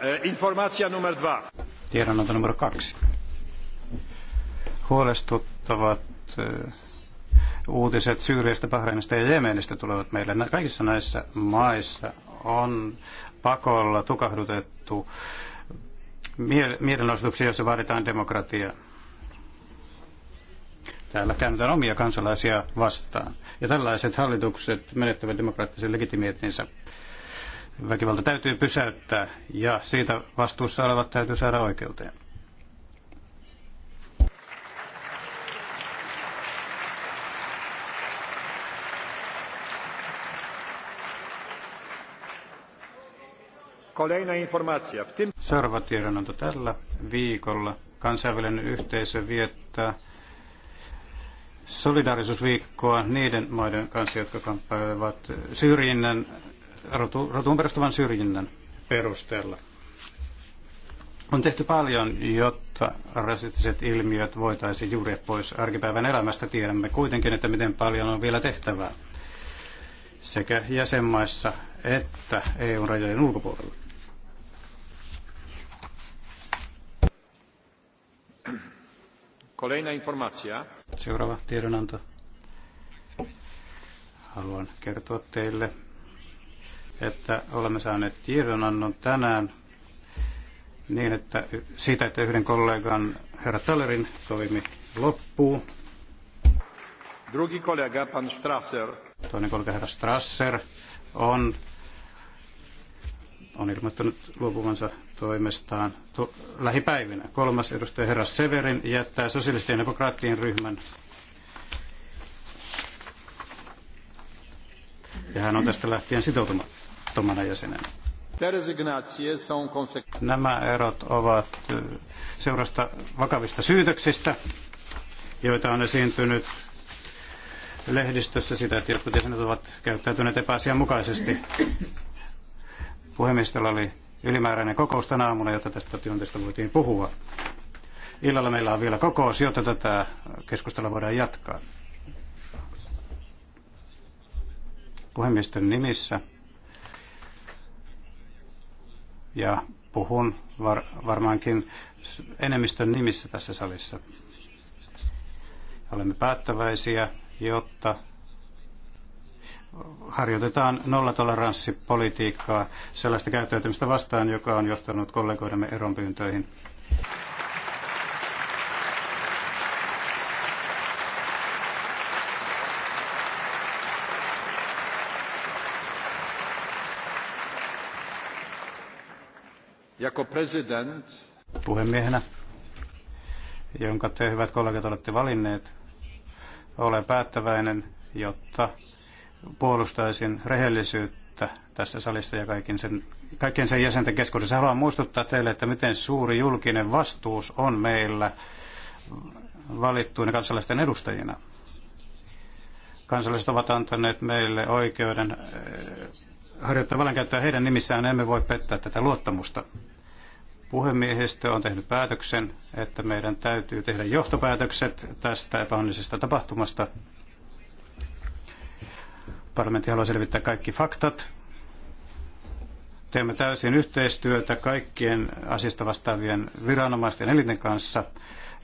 E, Informaatio numero 2. Tiedonanto numero kaksi. Huolestuttavat e, uutiset Syyriasta, Bahrainista ja Jemenistä tulevat meille. Kaikissa näissä maissa on pakolla tukahdutettu mielenosoituksia, joissa vaaditaan demokratiaa. Täällä käännetään omia kansalaisia vastaan. Ja tällaiset hallitukset menettävät demokraattisen legitimiteettinsä. Väkivalta täytyy pysäyttää ja siitä vastuussa olevat täytyy saada oikeuteen. Seuraava tiedonanto tällä viikolla. Kansainvälinen yhteisö viettää solidaarisuusviikkoa niiden maiden kanssa, jotka kamppailevat syrjinnän rotuun perustuvan syrjinnän perusteella. On tehty paljon, jotta rasistiset ilmiöt voitaisiin juuri pois arkipäivän elämästä. Tiedämme kuitenkin, että miten paljon on vielä tehtävää sekä jäsenmaissa että EU-rajojen ulkopuolella. Kolejna informacja. Seuraava tiedonanto. Haluan kertoa teille että olemme saaneet tiedonannon tänään niin, että siitä, että yhden kollegan, herra Tallerin, toimi loppuu. Drugi kollega, pan Strasser. Toinen kollega, herra Strasser, on, on ilmoittanut luopuvansa toimestaan to, lähipäivinä. Kolmas edustaja herra Severin jättää sosialistien demokraattien ryhmän. Ja hän on tästä lähtien sitoutumatta ehdottomana jäsenenä. Nämä erot ovat seurasta vakavista syytöksistä, joita on esiintynyt lehdistössä sitä, että jotkut jäsenet ovat käyttäytyneet epäasianmukaisesti. Puhemiestöllä oli ylimääräinen kokous tänä aamuna, jotta tästä tilanteesta voitiin puhua. Illalla meillä on vielä kokous, jotta tätä keskustelua voidaan jatkaa. Puhemiesten nimissä ja puhun var, varmaankin enemmistön nimissä tässä salissa. Olemme päättäväisiä, jotta harjoitetaan nollatoleranssipolitiikkaa sellaista käyttäytymistä vastaan, joka on johtanut kollegoidemme eronpyyntöihin. puhemiehenä, jonka te hyvät kollegat olette valinneet, olen päättäväinen, jotta puolustaisin rehellisyyttä tässä salissa ja kaikkien sen, sen jäsenten keskuudessa. Haluan muistuttaa teille, että miten suuri julkinen vastuus on meillä valittuina kansalaisten edustajina. Kansalaiset ovat antaneet meille oikeuden eh, harjoittaa vallankäyttöä heidän nimissään. Emme voi pettää tätä luottamusta. Puhemiehistö on tehnyt päätöksen, että meidän täytyy tehdä johtopäätökset tästä epäonnisesta tapahtumasta. Parlamentti haluaa selvittää kaikki faktat. Teemme täysin yhteistyötä kaikkien asiasta vastaavien viranomaisten elinten kanssa,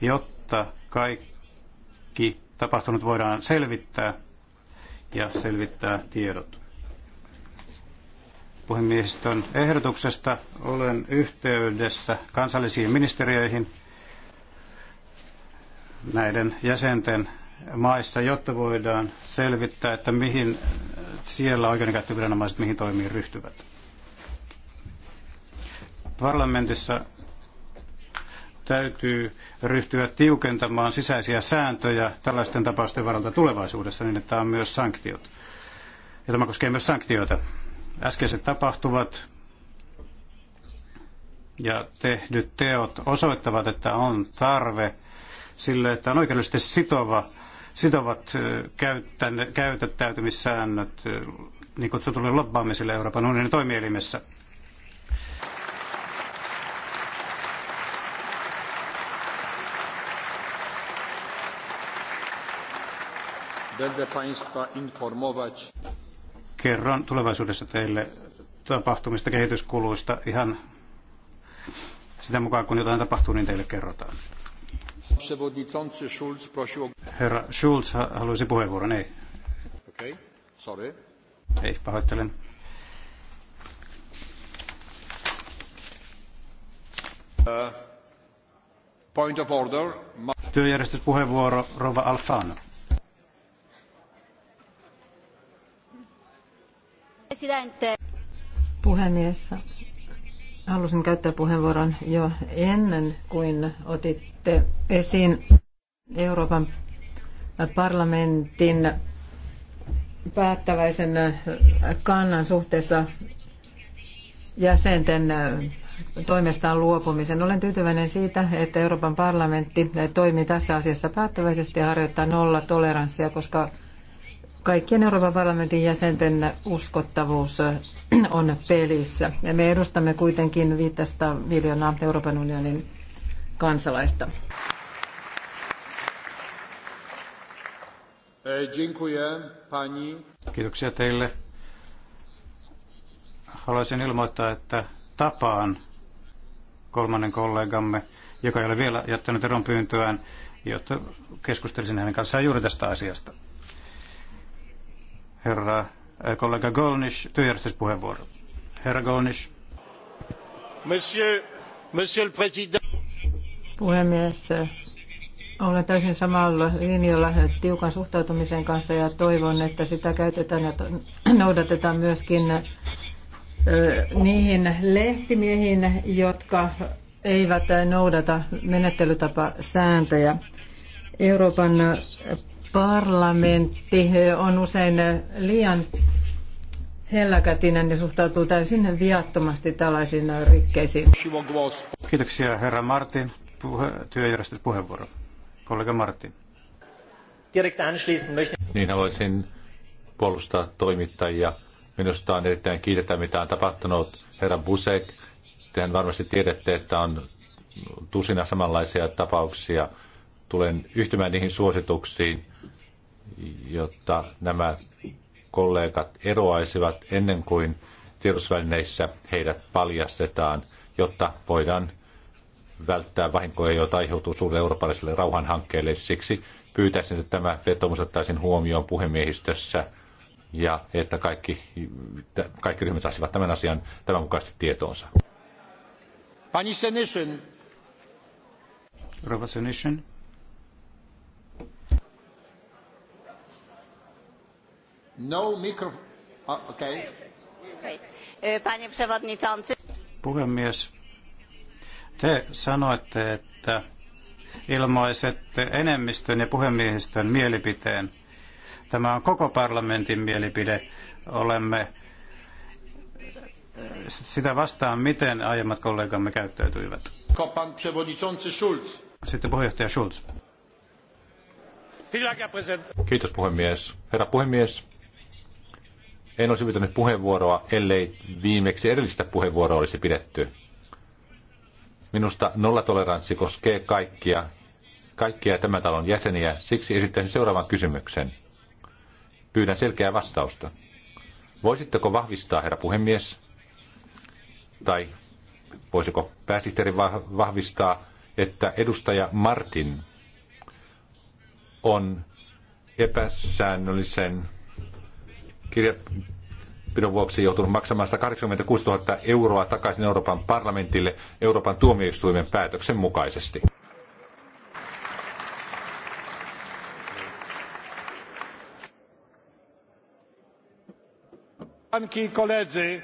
jotta kaikki tapahtunut voidaan selvittää ja selvittää tiedot puhemiehistön ehdotuksesta. Olen yhteydessä kansallisiin ministeriöihin näiden jäsenten maissa, jotta voidaan selvittää, että mihin siellä oikeudenkäyttöviranomaiset mihin toimiin ryhtyvät. Parlamentissa täytyy ryhtyä tiukentamaan sisäisiä sääntöjä tällaisten tapausten varalta tulevaisuudessa niin, että on myös sanktiot. Ja tämä koskee myös sanktioita äskeiset tapahtuvat ja tehdyt teot osoittavat, että on tarve sille, että on oikeudellisesti sitova, sitovat käytettäytymissäännöt niin kutsutulle lobbaamiselle Euroopan unionin toimielimessä. Będę Państwa informować kerron tulevaisuudessa teille tapahtumista, kehityskuluista ihan sitä mukaan, kun jotain tapahtuu, niin teille kerrotaan. Herra Schulz haluaisi puheenvuoron, ei. Okei, okay. sorry. Ei, pahoittelen. Uh, point of order. Työjärjestyspuheenvuoro, Rova Alfano. Presidente. Puhemies, halusin käyttää puheenvuoron jo ennen kuin otitte esiin Euroopan parlamentin päättäväisen kannan suhteessa jäsenten toimestaan luopumisen. Olen tyytyväinen siitä, että Euroopan parlamentti toimii tässä asiassa päättäväisesti ja harjoittaa nolla toleranssia, koska kaikkien Euroopan parlamentin jäsenten uskottavuus on pelissä. Ja me edustamme kuitenkin 500 miljoonaa Euroopan unionin kansalaista. E, Kiitoksia teille. Haluaisin ilmoittaa, että tapaan kolmannen kollegamme, joka ei ole vielä jättänyt eron pyyntöään, jotta keskustelisin hänen kanssaan juuri tästä asiasta. Herra eh, kollega Golnish, työjärjestyspuheenvuoro. Herra Golnish. Monsieur, monsieur le président. Puhemies, olen täysin samalla linjalla tiukan suhtautumisen kanssa ja toivon, että sitä käytetään ja noudatetaan myöskin eh, niihin lehtimiehiin, jotka eivät noudata sääntöjä Euroopan parlamentti on usein liian helläkätinen ja suhtautuu täysin viattomasti tällaisiin rikkeisiin. Kiitoksia herra Martin. Puhe, puheenvuoro. Kollega Martin. Niin haluaisin puolustaa toimittajia. Minusta on erittäin kiitetä, mitä on tapahtunut. Herra Busek, tehän varmasti tiedätte, että on tusina samanlaisia tapauksia – tulen yhtymään niihin suosituksiin, jotta nämä kollegat eroaisivat ennen kuin tiedotusvälineissä heidät paljastetaan, jotta voidaan välttää vahinkoja, joita aiheutuu suurelle eurooppalaiselle rauhanhankkeelle. Siksi pyytäisin, että tämä vetomus ottaisiin huomioon puhemiehistössä ja että kaikki, kaikki ryhmät saisivat tämän asian tämän mukaisesti tietoonsa. Pani Senishin. Rova Senishin. No e, panie przewodniczący. Puhemies, te sanoitte, että ilmaisette enemmistön ja puhemiehistön mielipiteen. Tämä on koko parlamentin mielipide. Olemme e, sitä vastaan, miten aiemmat kollegamme käyttäytyivät. Pan przewodniczący Schulz. Sitten puheenjohtaja Schulz. Kiitos puhemies. Herra puhemies, en olisi pitänyt puheenvuoroa, ellei viimeksi edellistä puheenvuoroa olisi pidetty. Minusta nollatoleranssi koskee kaikkia, kaikkia tämän talon jäseniä, siksi esittäisin seuraavan kysymyksen. Pyydän selkeää vastausta. Voisitteko vahvistaa, herra puhemies, tai voisiko pääsihteeri vahvistaa, että edustaja Martin on epäsäännöllisen kirjapidon vuoksi joutunut maksamaan 186 000 euroa takaisin Euroopan parlamentille Euroopan tuomioistuimen päätöksen mukaisesti. koledzy